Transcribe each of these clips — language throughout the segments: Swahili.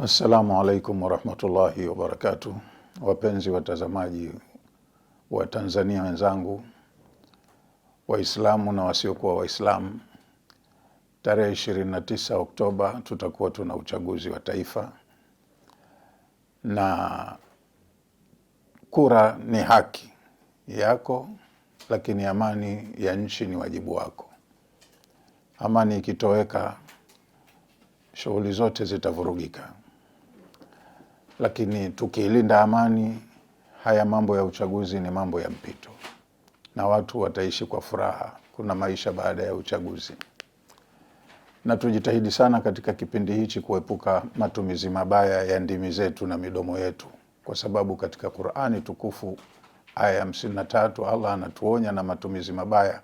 Assalamu alaikum warahmatullahi wabarakatuh, wapenzi watazamaji wa Tanzania wenzangu, Waislamu na wasiokuwa Waislamu. Tarehe tisa Oktoba tutakuwa tuna uchaguzi wa taifa, na kura ni haki yako, lakini amani ya nchi ni wajibu wako. Amani ikitoweka, shughuli zote zitavurugika. Lakini tukiilinda amani, haya mambo ya uchaguzi ni mambo ya mpito, na watu wataishi kwa furaha. Kuna maisha baada ya uchaguzi, na tujitahidi sana katika kipindi hichi kuepuka matumizi mabaya ya ndimi zetu na midomo yetu, kwa sababu katika Qur'ani tukufu aya ya hamsini na tatu Allah anatuonya na matumizi mabaya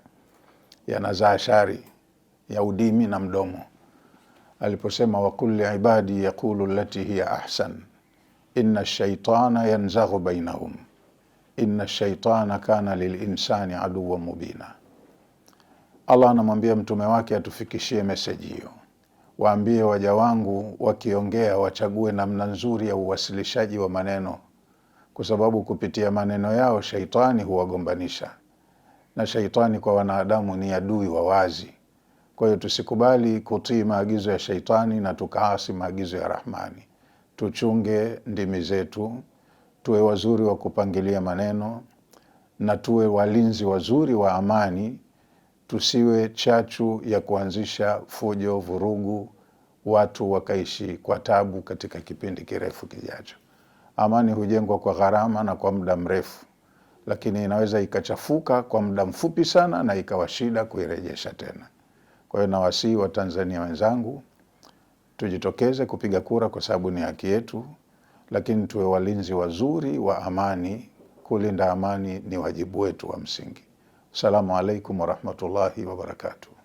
yanazaa shari ya udimi na mdomo aliposema, wa kulli ibadi yaqulu lati hiya ahsan inna shaitana yanzaghu bainahum inna shaitana kana lilinsani aduwa mubina. Allah anamwambia mtume wake atufikishie meseji hiyo, waambie waja wangu wakiongea wachague namna nzuri ya uwasilishaji wa maneno, kwa sababu kupitia maneno yao shaitani huwagombanisha, na shaitani kwa wanadamu ni adui wa wazi. Kwa hiyo tusikubali kutii maagizo ya shaitani na tukaasi maagizo ya Rahmani tuchunge ndimi zetu, tuwe wazuri wa kupangilia maneno na tuwe walinzi wazuri wa amani, tusiwe chachu ya kuanzisha fujo, vurugu, watu wakaishi kwa tabu katika kipindi kirefu kijacho. Amani hujengwa kwa gharama na kwa muda mrefu, lakini inaweza ikachafuka kwa muda mfupi sana na ikawa shida kuirejesha tena. Kwa hiyo nawasihi Watanzania wenzangu tujitokeze kupiga kura kwa sababu ni haki yetu, lakini tuwe walinzi wazuri wa amani. Kulinda amani ni wajibu wetu wa msingi. Assalamu alaikum warahmatullahi wabarakatuh.